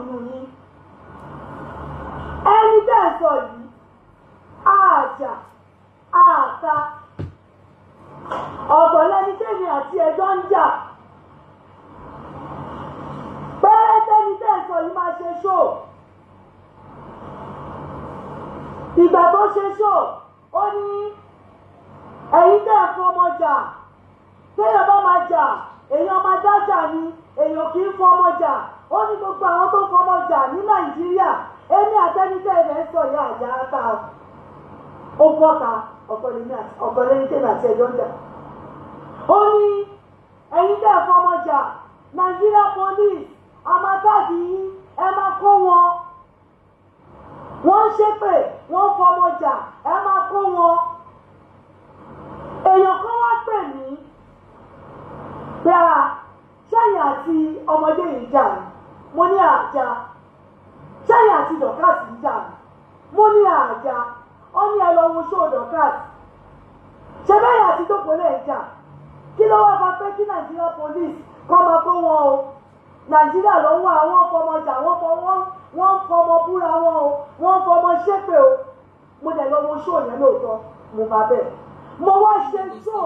nínú yín ẹni tẹ́ ẹ sọ yìí. gbogbo àwọn tó fọmọ jà ní nàìjíríà èmi àtẹnitẹ ilẹ̀ ń sọ ìyá àjà ata ogun ọ̀ta ọ̀pọ̀lẹ́yìn tẹ̀lé àti ẹ̀jọ́ jà ó ní ẹ̀yin tẹ̀ fọmọ jà nàìjíríà police àmàtàdì yín ẹ máa kó wọn wọ́n ṣépè wọ́n fọmọ jà ẹ máa kó wọn èèyàn kan wá pè mí pé ṣẹ́yìn àti ọmọdé yìí jà ni mo ní àjà ṣẹ́yìn àti dọ̀kásì ń jà mí mo ní àjà ó ní ẹ lọ́wọ́ ṣó dọ̀kásì ṣe bẹ́ẹ̀ àti tókò lè kí ló wá bá pẹ́ kí nàìjíríà police kọ́ máa kó wọn o nàìjíríà ló ń wá àwọn ọmọ ọjà wọn fọ wọn wọn ń fọmọ búra wọn o wọn ń fọmọ ṣépè o mo dẹ̀ lọ́wọ́ ṣó yẹn lóòótọ́ mo bá bẹ̀ mo wá ṣe ṣó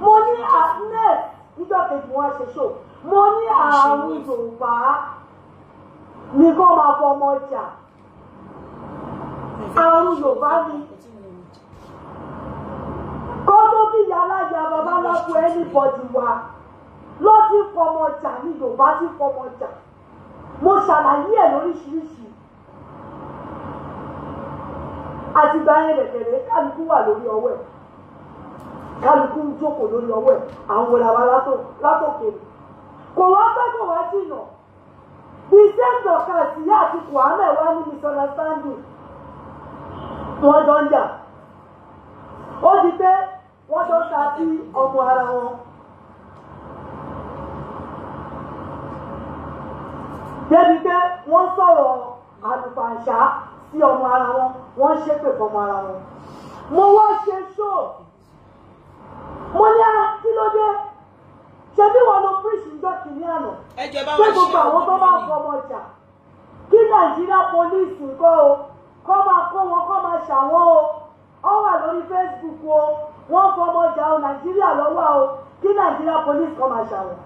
mo ní àtúnẹ̀ níjọ́ kejì wọn ṣe ṣò mo ní àwọn Yorùbá nìkan máa fọmọ jà àwọn Yorùbá ni kó tó bí yàlájà bàbá lápò ẹnìbọdì wa lọ sí fọmọ jà ní Yorùbá sí fọmọ jà mo ṣàlàyé ẹ̀ lóríṣiríṣi àtìgbà yẹn lẹ̀kẹ̀rẹ̀ kálukú wà lórí ọwọ́ ẹ̀ kálukú ń jókòó lórí ọwọ́ ẹ̀ àwọn wọlé àwa látòkè kò wá pẹ́ kò wá jìnà iṣẹ́ ìdọ̀ka ìyá àti kùhámẹ̀ wá ní misunderstanding wọ́n jọ ń jà ó di pé wọ́n jọ ń ta sí ọmọ ara wọn. débi pé wọ́n sọ̀rọ̀ àlùfàǹṣá sí ọmọ ara wọn wọ́n ṣépè fọmọ ara wọn. mo wá ṣe ṣóò. mo ní kí ló dé ṣebí wọn ló píríṣì ń jọ kìíní àná ṣé gbogbo àwọn tó fọmọ jà kí nàìjíríà o o ọ wà lórí facebook o wọ́n fọmọ jà o nàìjíríà o kí nàìjíríà máa ṣàwọn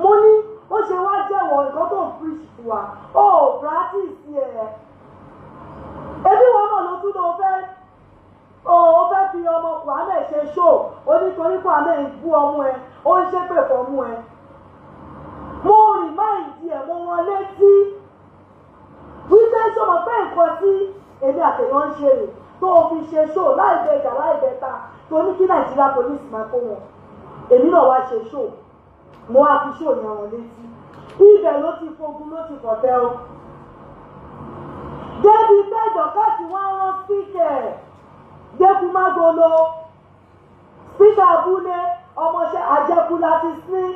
mo ní ó ṣe wá jẹ́wọ́ nǹkan tó ń fún wa ó ẹ̀ ẹbí wọn náà ló tún lọ fẹ́ẹ́. ó fẹ́ fi ọmọ Kwame ṣe ṣó o nítorí Kwame ń bú ọmọ ẹ ó ń ṣépè fọmọ ẹ mo rìn máa ń di ẹ̀mọ́ wọn létí wípé sọmọ pé nǹkan tí èmi àtẹ̀yọ́ ń ṣe rè tó o fi ṣe ṣó láì bẹ ìjà láì bẹ ta tó ní kí Nàìjíríà police máa kó wọn èmi náà wá ṣe ṣó mo wá fi ṣó yẹn wọn létí ibẹ̀ ló ti fogun ló ti kọ̀tẹ́ o débi pé dọ̀kẹ́sì wọn rán spíkẹ̀ dẹ́kunmágolo spíkà abúlé ọmọọṣẹ àjẹkù láti sin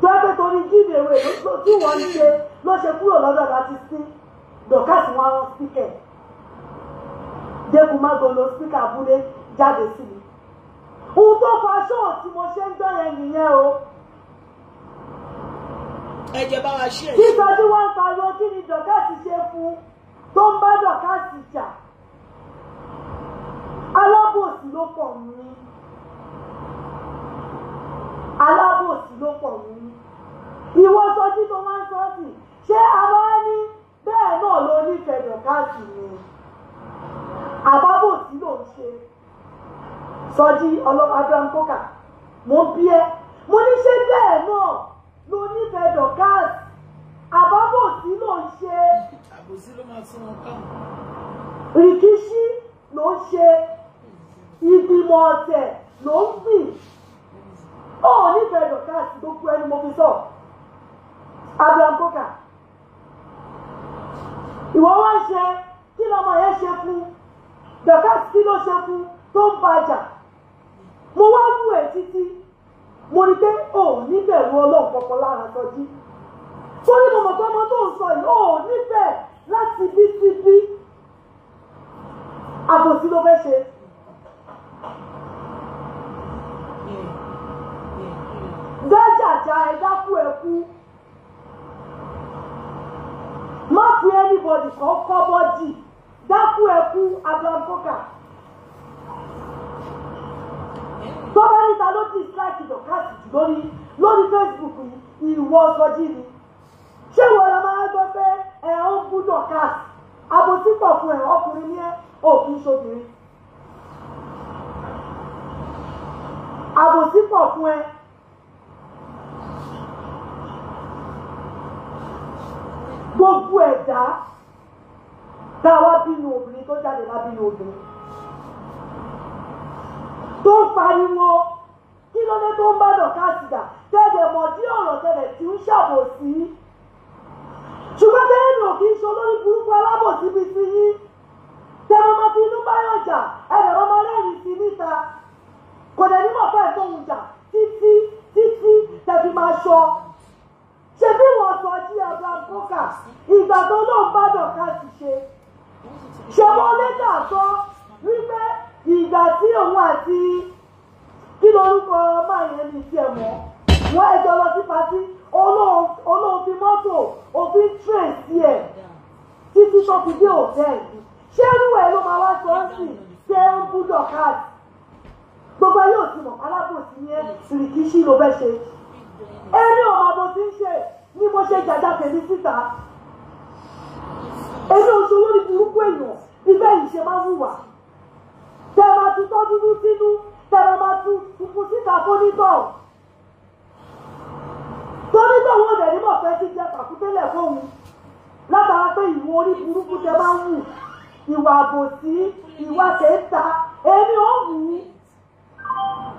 tọ́pẹ́ torí jíìmẹ̀wé tí wọ́n ń ṣe ló ṣe kúrò lọ́dọ̀ láti sin dọ̀kásì wọn rán spíkà dẹ́kunmágolo spíkà abúlé jáde sí mi ohun tó fa ṣọ́ọ̀ tí mo ṣe ń dán yẹn nìyẹn o ẹjẹ bá wa ṣe. títọ́jú wọn pariwo kí ni dọ̀kásì ṣe fún tó ń bá dọ̀kásì jà ló pọ̀ nù yín alábòsí ló pọ̀ nù yín ìwọ sọjú tó máa ń sọ sí ṣé àwa ní bẹ́ẹ̀ náà ló nífẹ̀ẹ́ káàtì ni àbábòsí ló ń ṣe sọjí ọlọ́pàá abraham kókà mo bí ẹ mo ní ṣe bẹ́ẹ̀ náà ló nífẹ̀ẹ́ dọ̀káàsì àbábòsí ló ń ṣe àbòsí ló máa tún wọn ká rìkíṣí ló ń ṣe ìmọ̀ ọ̀tẹ̀ ló ń gbìn ó nífẹ̀ẹ́ dọ̀kásì gbogbo ẹni mo fi sọ Abraham Coka ìwọ wá ń ṣe kí lọmọ yẹn ṣe fún dọ̀kásì kí ló ṣe fún tó ń bàjà mo wá wú ẹ títí mo rí pé ó níbẹ̀rù ọlọ́run kankan lára sọjí torí mo mọ̀ pé ọmọ tó ń sọ yìí ó níbẹ̀ láti bí sí àbòsí ló fẹ́ ṣe jájàjà ẹ dákú ẹ kú má fi anybody kan kọ́ bọ́dì dákú ẹ kú Abraham Coker tọ́lá níta ló ti strike dọ̀kásì jù lórí lórí Facebook ìwọ sọjí ni ṣé ìwọ la máa gbọ́ pé ẹ̀ ń bú dọ̀kásì àbòsí pọ̀ fún ẹ̀ ọkùnrin ní ẹ̀ òfin ṣobìnrin. àbòsí pọ̀ fún ẹ. gbogbo ẹ̀dá tá a wá bínú obìnrin tó jáde wá bínú obìnrin tó ń pariwo kí ló dé tó ń bá dọ̀ káàtìdà tẹ́lẹ̀ mọ̀ dí ọ̀rọ̀ tẹ́lẹ̀ tí ń ṣàbòsí ṣùgbọ́n tẹ́lẹ̀ nù kí n ṣe olórí burúkú alábòsí bíi ti yín tẹ́lẹ̀ máa fi inú báyọ̀ jà ẹ̀rẹ̀ máa rẹ́rìn sí níta kò dẹ̀ ní bàbá ẹ̀ tóun jà títí títí tẹ̀bí máa sọ ṣe bí wọ́n sọ jí abraham kókà ìgbà tó náà bá dọ̀ka ti ṣe ṣe wọ́n lẹ́tà sọ wípé ìgbà tí òun àti kí lorúkọ máa yẹn ní tiẹ̀ mọ́ wọ́n ẹjọ́ lọ sí patí olóòfin mọ́tò òfin train sí ẹ̀ títí tó fi dé òtẹ́ẹ̀lì ṣé irú ẹ̀ ló máa wá sọ́ọ́sì ṣé ń bú dọ̀ka sí gbogbo ayé òtí mọ̀ alábòsí yẹn mm. sìrìkì sí ló fẹ́ ṣe mm. ẹni ò máa bó ti ń ṣe ni mo ṣe jàjà tèmi síta èmi ò ṣòwò ní burúkú èèyàn ibẹ̀ yìí ṣe máa ń wùwà tẹ máa tún tọ́ dúdú sínú tẹ máa tún funfun síta fónítọ̀ tónítọ̀ wo dẹ̀ ní mọ̀fẹ́ ti jẹ pàkútélẹ̀ fóun látara pé ìwọ orí burúkú tẹ máa ń wù ìwà àbòsí ìwà tẹ̀ ń ta èmi ò wù ú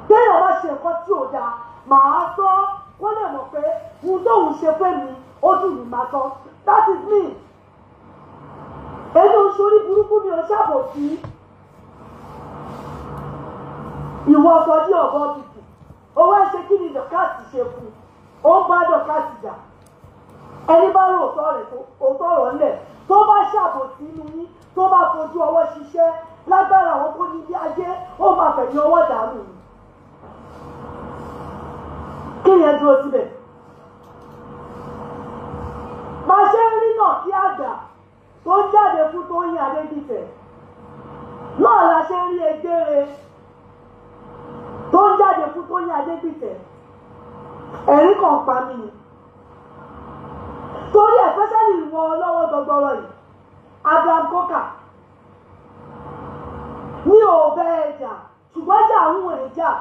téèyàn bá ṣe nǹkan tí ò dáa màá sọ kó lè mọ̀ pé ohun tóun ṣe pé mi ó dùn mí màá sọ that is me èmi ò sórí burúkú mi ò ṣàbòsí ìwọ ọkọ ní ọgọ tutù owó ẹsẹ kí ni dọkàtì ṣe fún ó ń bá dọkàtì jà ẹni bá rò òótọ́ rẹ̀ òótọ́ tó bá ṣàbòsí inú yín tó bá fojú ọwọ́ ṣiṣẹ́ lágbára àwọn tó ní ilé ayé ó máa fẹ̀yìn ọwọ́ dànù ni kí yẹn dúró síbẹ̀ máa ṣe ń rí náà kí àgbà tó ń jáde fún tó ń yin adédìtẹ̀ náà la ṣe ń rí egbére tó ń jáde fún tó ń yin adédìtẹ̀ ẹ̀rí kan pa mí ni torí ẹ̀ fẹsẹ̀ wọ ọlọ́wọ́ gbọgbọrọ yìí Abraham Coker mi ò bẹ ẹjà ṣùgbọ́n ìjà ń wò ní jà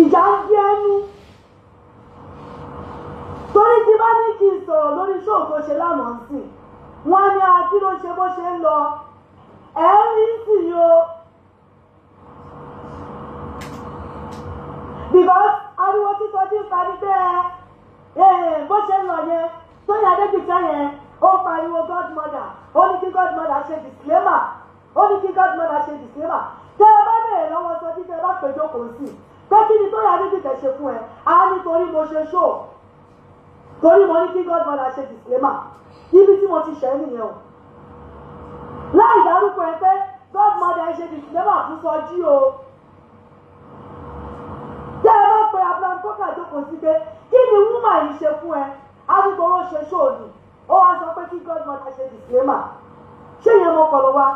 ìjà ń gbé ẹnu torí tí bá ní kí n sọ̀rọ̀ lórí ṣóò tó ṣe lánàá sí wọn ni a kí ló ṣe bó ṣe ń lọ ẹ rí sí i o because ariwo títọ́ tí ń parí bẹ́ẹ̀ bó ṣe ń lọ yẹn tó yẹ adébìtẹ́ yẹn ó pariwo godmother ó ní kí godmother ṣe disclaimer ó ní kí gọ́ọ̀dùmọ̀ máa ṣe dìsílẹ̀mà tẹ́ ẹ bá bẹ̀rẹ̀ lọ́wọ́ sọ títẹ́ ẹ bá péjọ kò sí pé kí ni tó yà níbi tẹ̀ ṣe fún ẹ á nítorí mo ṣe ṣó torí mo ní kí gọ́ọ̀dùmọ̀ máa ṣe dìsílẹ̀mà ibi tí mo ti ṣẹ́ nìyẹn o láì dárúkọ ẹ pé gọ́ọ̀dùmọ̀ dẹ̀ ṣe dìsílẹ̀mà fún sọjí o tẹ́ ẹ bá pe Abraham kọ́kà jókòó sí pé kí ni wúmà yìí ṣe fún ẹ á nítorí ó ṣe ṣó ni ó wá sọ pé kí gọ́ọ̀dùmọ̀ dẹ̀ ṣe dìsílẹ̀mà ṣé ìyẹn mo pọ̀lọ́ wa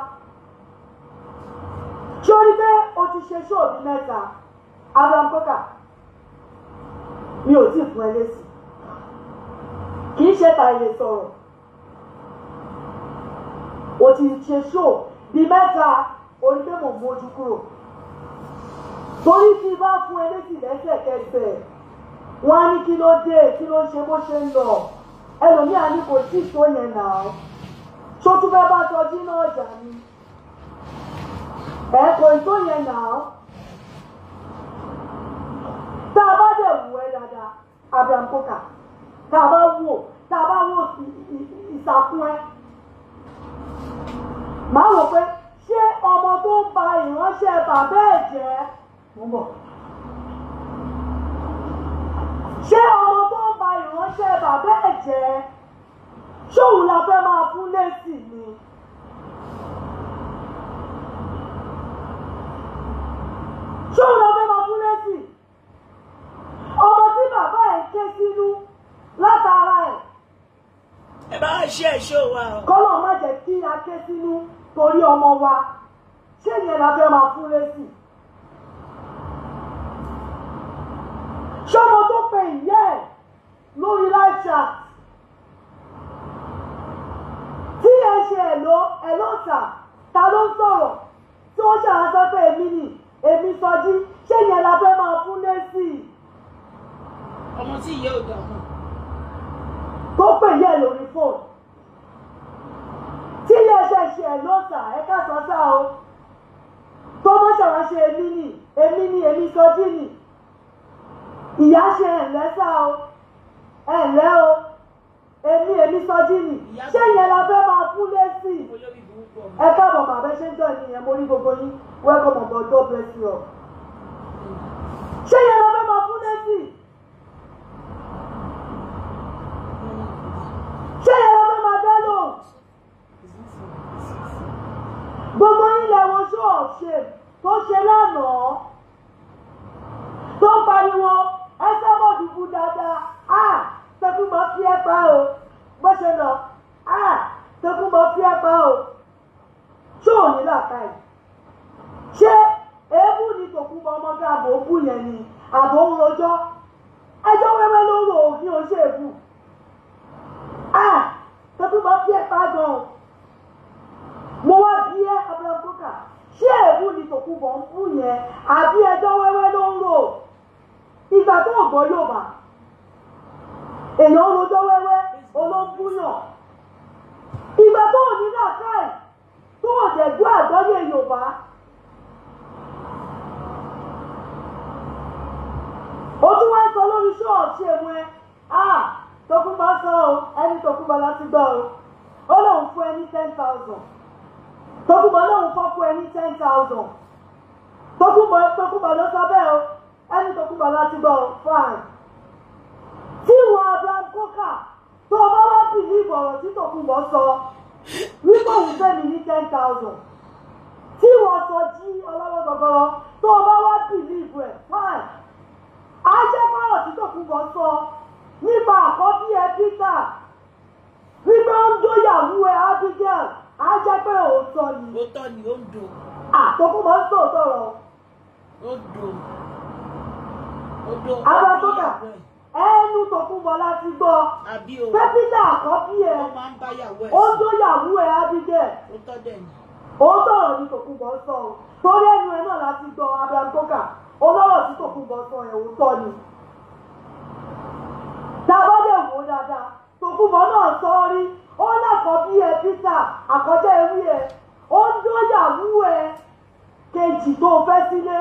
sórí pé o ti ṣe ṣóòbí mẹ́ta abraham kọ́kà mi ò tí ì fún ẹ lésì kì í ṣe tàìlè sọ̀rọ̀ o ti ṣe ṣóò bíi mẹ́ta onídẹ́mọ̀ mójú kúrò torí tí bá fún ẹ lésì lẹ́sẹ̀kẹsẹ̀ wọ́n á ní kí ló dé kí ló ṣe bó ṣe ń lọ ẹlòmíà ní kò tí ì tó yẹn nà ó tó fẹ́ bá sọ náà jà ni ẹ kò ìtó yẹn nà án tá a bá dẹ̀ wù ẹ́ dáadáa Abraham Coker tá a a bá wò ìsàkún ẹ màá wò pé ṣé ọmọ tó ń ba ìránṣẹ́ bàbá ẹ̀ jẹ́ mo bọ̀ ṣé ọmọ tó ń ba ìránṣẹ́ bàbá ẹ̀ ṣé òun ọbẹ̀ máa fún lẹ́sìn ọmọ tí bàbá ẹ̀ ké sínú látara ẹ̀. ẹ bá wá ṣe ẹ̀ṣọ́ wa o. kọ́lọ̀ má jẹ́ kí a ké sínú torí ọmọ wa ṣé ìyẹn lábẹ́ máa fún lẹ́sìn. ṣọmọ tó pe ìyá ẹ̀ lórí láìsà tí ẹ ṣe ẹ̀ ló ẹ̀ ló tà ta ló ń sọ̀rọ̀ tí wọ́n ṣàlàyé pé èmi nìyí èmi sọjí ṣé yẹn la fẹ́ máa fún lẹ́sì. ọmọ tí ìyá ò dà mọ́. tó pè yẹ lórí fóònù tí iléeṣẹ́ ṣe ẹ̀ ló sà ẹ ká sọ sá o tó mọ́ ṣàwá ṣe èmi nì èmi nì èmi sọjí nì ìyá ṣe ẹ̀ǹlẹ́ sá o ẹ̀ǹlẹ́ o èmi èmi sọjí nì ṣé yẹn la fẹ́ máa fún lẹ́sì ṣe ń jọ ìyẹn mo rí gbogbo yín welcome on board God bless you all. ṣé yẹn lọ fẹ́ máa fún lẹ́sì? ṣé yẹn lọ fẹ́ máa bẹ́ lò? gbogbo yín lẹ́wọ̀n ṣó ọ̀ṣẹ́ tó ṣe lánàá tó ń pariwo ẹsẹ̀ bọ̀ dùkú dáadáa á tẹkùn mọ́ fi ẹ pa o bó ṣe nà á tẹkùn mọ́ fi ẹ pa o ṣé ò ní làákà yìí ṣé èébú ni tòkúbọ ọmọdé àbò bù yẹn ni àbò ń rojọ́ ẹjọ́ wẹ́wẹ́ ló rò ní oṣù èébú à tòkúbọ bí ẹ pa gan o mo wá bí ẹ abẹ́rẹ́ kókà ṣé èébú ni tòkúbọ ń bù yẹn àbí ẹjọ́ wẹ́wẹ́ ló ń rò ìgbà tó ń gbọ́ yóò bá èèyàn ń rojọ́ wẹ́wẹ́ olóńgbúyàn. ọ̀jẹ̀gbọ́ àgbọ́yé Yorùbá. ó tún wá ń sọ lórí ṣọ́ọ̀ṣì ẹ̀mú ẹ Tòkunbọ̀ sọ ọ ẹni Tòkunbọ̀ láti gbọ́ ọ ó lóun fún ẹ ten thousand Tòkunbọ̀ lóun fọ́ fún ẹ ten thousand Tòkunbọ̀ Tòkunbọ̀ ló sọ bẹ́ẹ̀ o ẹni Tòkunbọ̀ láti gbọ́ ọ fine tí ìwọ Abraham Coker tó o bá wá bìlí ìbọ̀rọ̀ tí Tòkunbọ̀ sọ wípé òun fẹ́ mi ní ten thousand tí wọ́n sọ jí ọlọ́wọ́ gbọgbọrọ tó o bá wá bìlíìfù ẹ̀ fine ajẹ́pọ̀rọ̀ tí Tòkunbọ̀ sọ nípa àkọ́bí ẹ Peter wípé ó ń dóyàwó ẹ Abigail ajẹ́pẹ́ òótọ́ ni. òótọ́ ni ó ń do. Tòkunbọ̀ ń sòótọ́ rọ. ó do. ó do. abẹ́ tó kà ẹnu tòkunbọlá ti gbọ́ pẹ́pílà àkọ́bí ẹ̀ ó tó yàwó ẹ̀ ábídẹ̀ ó tọ̀rọ̀ ní tòkunbọ̀ sọ o torí ẹnu ẹ̀ náà láti gbọ́ Abraham koka olórọ̀ tí tòkunbọ̀ sọ ẹ̀ ò tọ́ ni tàbádẹ̀ wò dáadáa tòkunbọ̀ náà sọ ọ́ rí ó lákọ̀ọ́bí ẹ̀ Peter àkọ́jẹ́ ewì ẹ̀ ó tó yàwó ẹ̀ kejì tó fẹ́ sílé.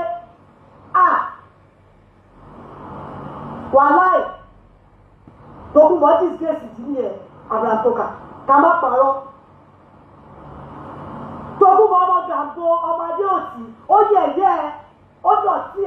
wàláì gbogbo mọ́tìs gẹ̀ẹ́sì ti ní ẹ̀ kama toka ká ọmọ gàǹgbò ọmọdé òtí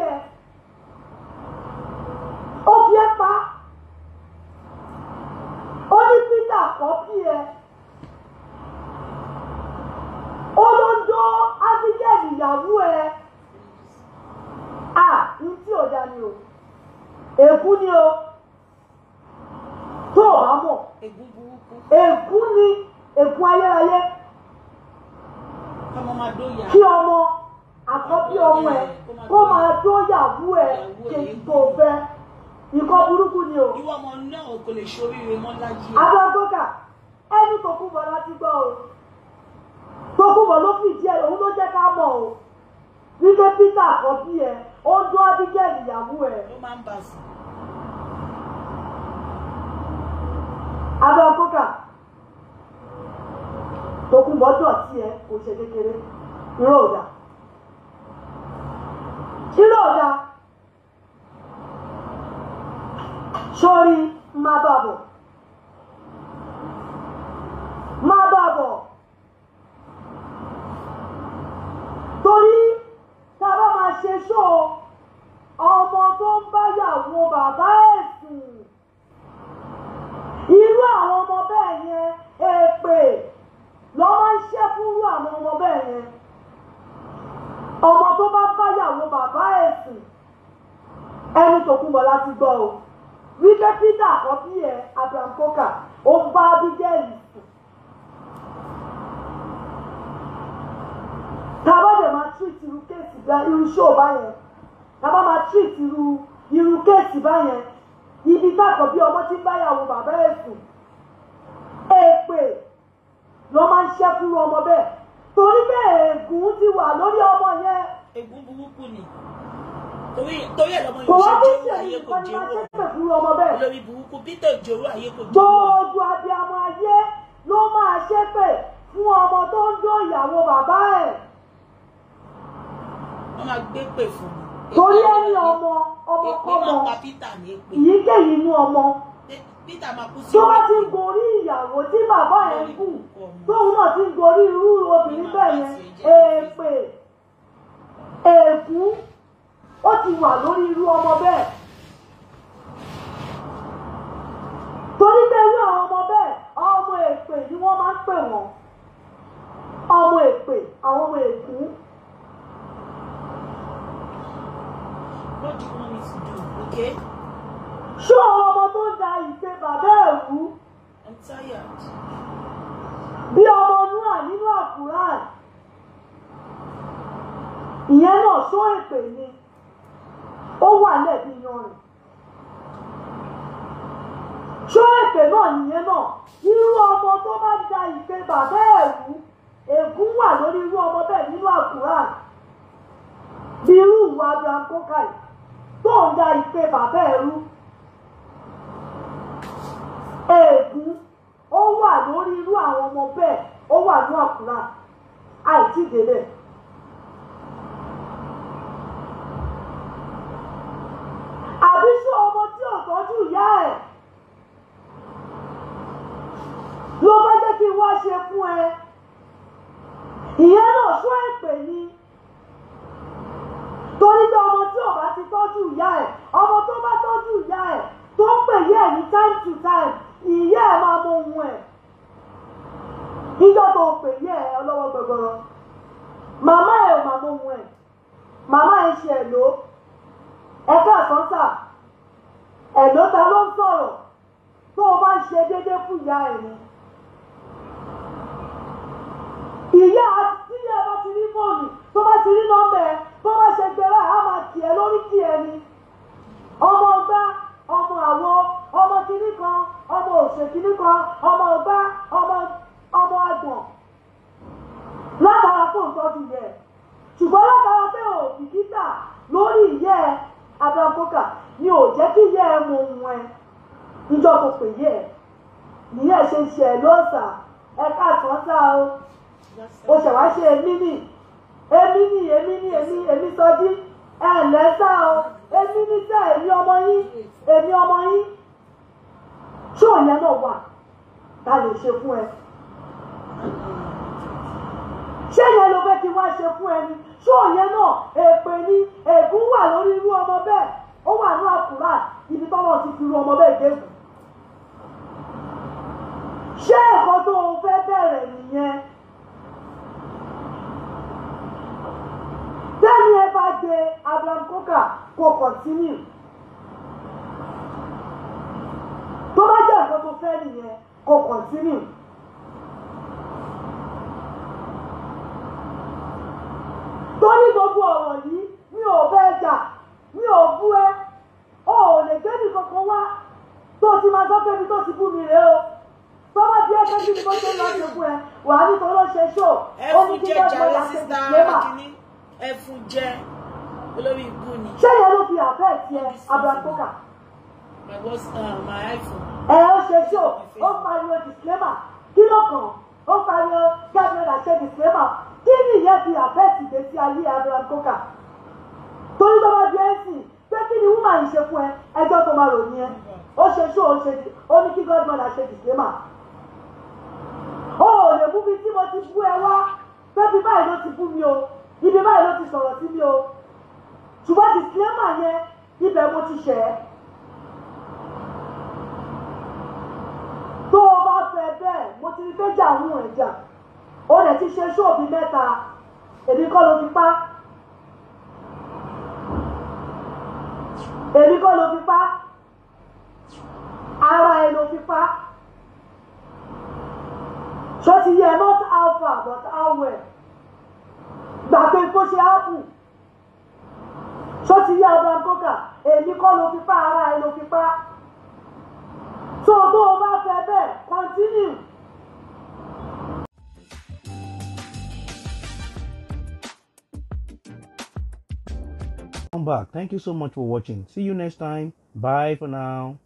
ṣoríire mọ́ láyé. agbágbóga ẹni tó kú bọ̀ láti gbọ́ o tó kú bọ̀ ló fìdí ẹ̀ òun ló jẹ́ ká mọ̀ o wípé Peter àkọ́bí ẹ̀ ó dún Abigail ìyàwó ẹ̀. ló máa ń bà sí. agbágbóga tó kú bọ̀ dọ̀tí ẹ̀ kò ṣe kékeré irọ́ ọ̀dà irọ́ ọ̀dà sórí máa bá bọ̀ máa bá bọ̀ torí tá a bá máa ṣe ṣó ọmọ tó ń báyàwó bàbá ẹ̀ sùn irú àwọn ọmọ bẹ́ẹ̀ yẹn èpè lọ́ máa ń ṣẹ́ àwọn ọmọ bẹ́ẹ̀ yẹn ọmọ tó bá báyàwó bàbá ẹ̀ sùn ẹnu tòkúnbọ̀ láti gbọ́ o wípé peter àkọ́bí ẹ̀ abraham coker ó bá abigail sùn. tàbá dẹ̀ máa treat irú kéèsì bá irú ṣó báyẹn tàbá máa treat irú irú kéèsì báyẹn ibi tá àkọ́bí ọmọ tí báyàwó bàbá ẹ̀ sùn èèpè ló máa ń ṣẹ́ fún ọmọ bẹ́ẹ̀ torí bẹ́ẹ̀ ègún ti wà lórí ọmọ yẹn. ègún burúkú ni torí ẹ̀ lọ́mọ yóò ṣe jẹ́wọ́ ayé kò jẹ́wọ́ fún ọmọ bẹ́ẹ̀. lórí burúkú peter òjòrò ayé kò jẹ́. gbogbo abiyamọ ayé ló máa ṣépè fún ọmọ tó ń jó ìyàwó bàbá ẹ̀. wọ́n máa gbé pè fún mi. torí ẹni ọmọ ọmọ kọ́mọ ìyíkéyìí inú ọmọ tó bá ti ń gorí ìyàwó tí bàbá ẹ̀ ń kù tóun náà ti ń gorí irú obìnrin bẹ́ẹ̀ yẹn èèpè èèkú ó ti wà lórí irú ọmọ bẹ́ẹ̀. wọ́n máa ń pè wọ́n ọmọ èpè àwọn ọmọ èkú. What do you want me to do? Okay. ṣó ọmọ tó da ìṣe bàbá ẹ̀ wú. I'm tired. bí ọmọ náà nínú àkùrán ìyẹn náà ṣó èpè ni ó wà lẹ́bi yan rẹ̀ ṣó èpè náà nìyẹn náà irú ọmọ tó bá da ìpè bàbá ẹ̀ rú ègún wà lórí irú ọmọ bẹ́ẹ̀ nínú àkùrán bí irú ìwà abraham kókàì tó ń da ìpè bàbá ẹ̀ rú ègún ó wà lórí irú àwọn ọmọ bẹ́ẹ̀ ó wà ní àkùrán àìtídélẹ̀. jíjọ́ tó pè ní ẹ̀ ọlọ́wọ́ gbọgbọrọ màmá ẹ̀ ò màmá ohun ẹ̀ màmá ẹ̀ ṣe ẹ̀ ló ẹ̀fẹ́ àkọ́ńtà ẹ̀ ló ta ló ń sọ̀rọ̀ tó o bá ń ṣe déédéé fún ìyá ẹ̀ ni. ìyá tíyẹ̀ bá ti rí fóònù tó bá ti rí nọ́mbà ẹ̀ tó bá ṣe gbẹrẹ á máa tiẹ̀ lórí tiẹ̀ ni ọmọ ọgbà ọmọ àwo ọmọ kìnnìkan ọmọ òṣèkìnnìkan ọmọ ọgbà ọmọ ọmọ ọgbọ̀n látara tó ń tọ́jú rẹ̀ ṣùgbọ́n látara pé ò bìkítà lórí ìyẹ́ ẹ abẹ́ọ̀kọ́kà ni ò jẹ́ kí ìyẹ́ ẹ mọ ohun ẹ níjọ́ tó pè yẹ ẹ nìyẹn ṣe ń ṣe ẹ lóòsà ẹ káàtàn sá o o ṣẹ̀wá ṣe èmi nì èmi nì èmi nì èmi èmi sọjí ẹ ǹlẹ́ sá o èmi ní sẹ́ èmi ọmọ yín èmi ọmọ yín ṣé òun yẹn náà wà ta lè ṣe fún ẹ ṣé yẹn ló fẹ́ kí wá ṣe fún ẹni ṣó yẹn náà èpè ni ègún wà lórí irú ọmọ bẹ́ẹ̀ ó wà ní àkùrà ibi tọ́wọ́ ti fi irú ọmọ bẹ́ẹ̀ dégùn. ṣé ẹ̀kọ́ tó o fẹ́ bẹ̀rẹ̀ nìyẹn? tẹ́ni ẹ bá de Abraham Coker kò kọ̀tínú. tó bá jẹ́ ẹ̀kọ́ tó fẹ́ nìyẹn kò kọ̀tínú. jẹ́ olórí Ibu ni. ṣé ìyá ló fi àfẹ́ ti ẹ abrapoka. my boss uh, my iphone. ẹ ó ṣe tí o ó pariwo disclaimer kí ló kàn ó pariwo gabriel àṣẹ disclaimer kí ni ìyẹn fi àfẹ́ ti dé sí ayé abrapoka. torí tó bá bí ẹ ń sìn pé kí ni woman yìí ṣe fún ẹ ẹjọ́ tó máa rò ní ẹ ó ṣe ṣó ó ṣe ó ní kí godmother ṣe disclaimer. o ò lè mú mi tí mo ti bú ẹ wá pé bí báyìí ló ti bú mi o ibi báyìí ló ti sọ̀rọ̀ sí mi o ṣùgbọ́n disclaimer yẹn ibẹ̀ mo ti ṣẹ̀ ẹ́ tó o bá fẹ́ bẹ́ẹ̀ mo ti rí fẹ́jà ń hùn ẹ̀jà o lè ti ṣe ṣóòbí mẹ́ta èmi kọ́ ló fi pa èmi kọ́ ló fi pa ara ẹ ló fi pa ṣó ti yẹ not alpha but how well gbàgbé tó ṣe áàpù ṣó ti abraham kókà èyí kọ́ ló fi ara ẹ ló fi pa tó tó o bá fẹ́ bẹ́ẹ̀ continue. Come back. Thank you so much for watching. See you next time. Bye for now.